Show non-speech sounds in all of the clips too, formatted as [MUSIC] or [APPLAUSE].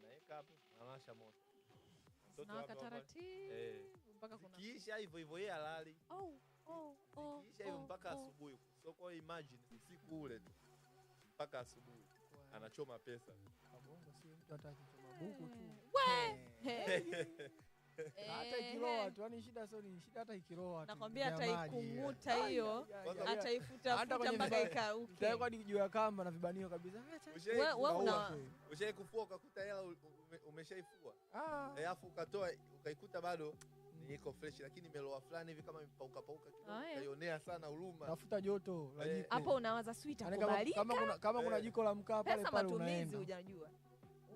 naweka hapo, nawasha moto eh. kiisha hivyo hivyo, yeye alali oh, oh, oh, kiisha hivyo mpaka asubuhi. So kwa imagine usiku ule tu mpaka asubuhi anachoma pesa. Kabongo si mtu ataki buku tu. Eh. [LAUGHS] Eh, hata ikiloa tu, yani shida sio ni shida, hata ikiloa tu nakwambia, ataikung'uta hiyo, ataifuta futa mpaka ikauke, itawekwa juu ya kamba na vibanio kabisa. Ushawahi kufua ukakuta hela umeshaifua, ah. eh, alafu ukatoa ukaikuta bado iko fresh lakini imeloa fulani hivi kama imepauka pauka kidogo, kaionea ah, eh. sana huruma. Tafuta joto la jiko hapo, unawaza sijui yaani itakubalika kama kuna, kama kuna jiko la mkaa pale pale, unaenda matumizi, hujajua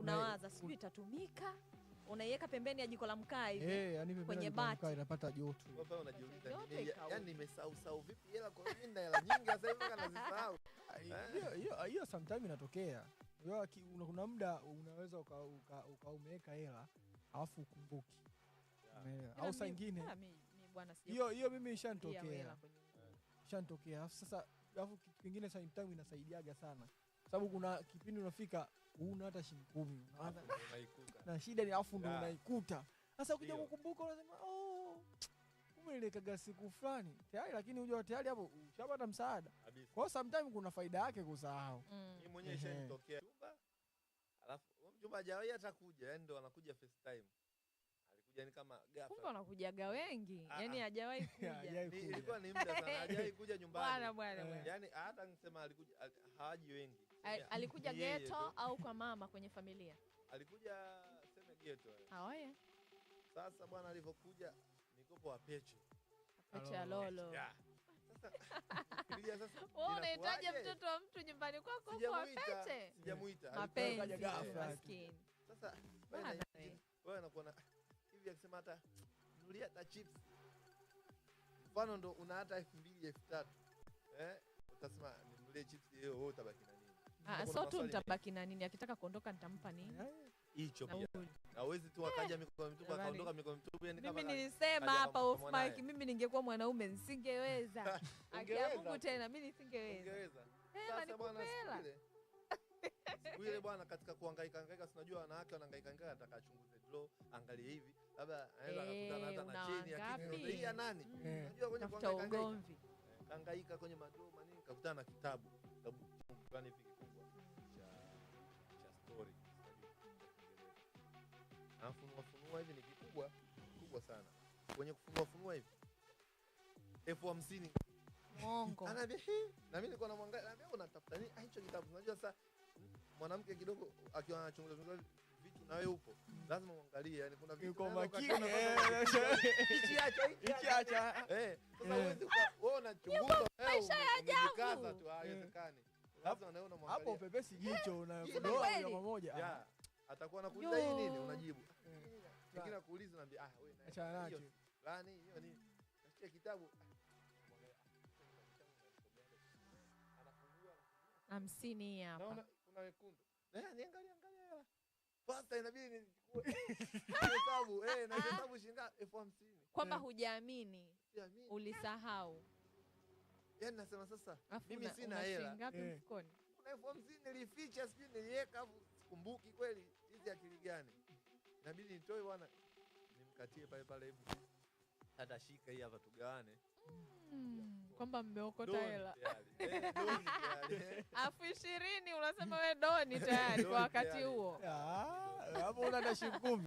unawaza sijui itatumika unaiweka pembeni ya jiko la mkaa hivi hey, eh, yani kwenye bati inapata joto. Hapa unajiuliza yani nimesahau sahau vipi hela kwa nini hela nyingi sasa hivi kana kanazisahau. Hiyo hiyo hiyo sometimes inatokea. Wewe Kuna muda unaweza uka, uka, uka umeweka hela alafu ukumbuki yeah. au saa nyingine ah, hiyo hiyo mimi ishantokea. Ishantokea. alafu sasa alafu kitu kingine sometimes inasaidiaga sana sababu kuna kipindi unafika una hata shilingi kumi [LAUGHS] na shida ni alafu ndo ah. unaikuta sasa, ukija kukumbuka unasema oh, kumbe nilikaga siku fulani tayari, lakini huja tayari hapo ushapata msaada. Kwa hiyo sometimes kuna faida yake kusahau. Mimi mm. mwenyewe ishanitokea chumba, alafu mjomba hajawahi hata kuja, yani ndo anakuja first time yani kama ghafla. Kumbe wanakujaga wengi. Ah, yani ah. hajawahi [LAUGHS] kuja. Ilikuwa ni muda sana, hajawahi [LAUGHS] kuja nyumbani. Bwana bwana. Eh. yani hata nisema alikuja hawaji wengi. Alikuja ghetto au kwa mama kwenye familia? Alikuja niambie tu. Haya. Ah, sasa bwana alivyokuja mikopo wa peche. Peche ya [LAUGHS] Sasa [LAUGHS] Wewe unahitaji mtoto wa mtu nyumbani kwako kwa peche? Sijamuita. Mapenzi maskini. Sasa wewe unakuwa na hivi akisema hata nulia hata chips. Mfano ndo una hata 2000 3000. Eh? Utasema nulie chips hiyo wewe utabaki na nini? Ah, so tu nitabaki na nini? Akitaka kuondoka nitampa nini? Eh hicho pia. Hawezi tu akaja mikono mitupu akaondoka mikono mitupu yani kama Mimi nilisema hapa off mic mimi ningekuwa mwanaume nisingeweza. [LAUGHS] Akia Mungu tena mimi nisingeweza. Ungeweza. Sasa hey, bwana siku ile bwana, katika kuangaika angaika, unajua wanawake wanahangaika hangaika, anataka achunguze draw, angalie hivi, labda anaweza eh, akakutana hata na chini, lakini hii ya nani, mm. unajua kwenye kuangaika ugomvi, kahangaika kwenye madraw manini, kakutana na kitabu kitabu fulani hivi kikubwa cha cha story funua hivi ni kikubwa kubwa sana kwenye funua hivi elfu hamsini mongo [LAUGHS] Anaambia hi na mimi nilikuwa namwangalia, anaambia unatafuta nini? Ah, hicho kitabu. Unajua sasa mwanamke kidogo akiwa anachunguza chunguza vitu na wewe upo. Lazima uangalie, yani kuna vitu. Uko makini. [LAUGHS] Hichi acha, hichi acha. Eh, sasa eh. uwezi wewe unachunguza wewe. Maisha ya ajabu. Kaza tu eh. haiwezekani. Lazima na wewe unamwangalia. Hapo upepesi jicho eh, unayokodoa pamoja Atakuwa anakuuliza hii nini? Unajibu kuuliza naambia, ah wewe na achana nacho yaani, hiyo ni nasikia kitabu ah, ah, ah, hamsini hapa, naona kuna wekundu, eh, niangalia angalia inabidi nichukue hesabu [LAUGHS] eh, na hesabu elfu hamsini kwamba eh. hujaamini, ulisahau. Yani nasema sasa, mimi sina hela ngapi eh. mfukoni, elfu hamsini nilificha, sijui niliweka, afu sikumbuki kweli, hizi akili gani? Inabidi nitoe bwana katie pale pale hivi hata shika hii hapa tugawane mm, kwamba mmeokota hela elfu eh, [LAUGHS] ishirini unasema we doni tayari kwa wakati huo ah, hapo una dashi kumi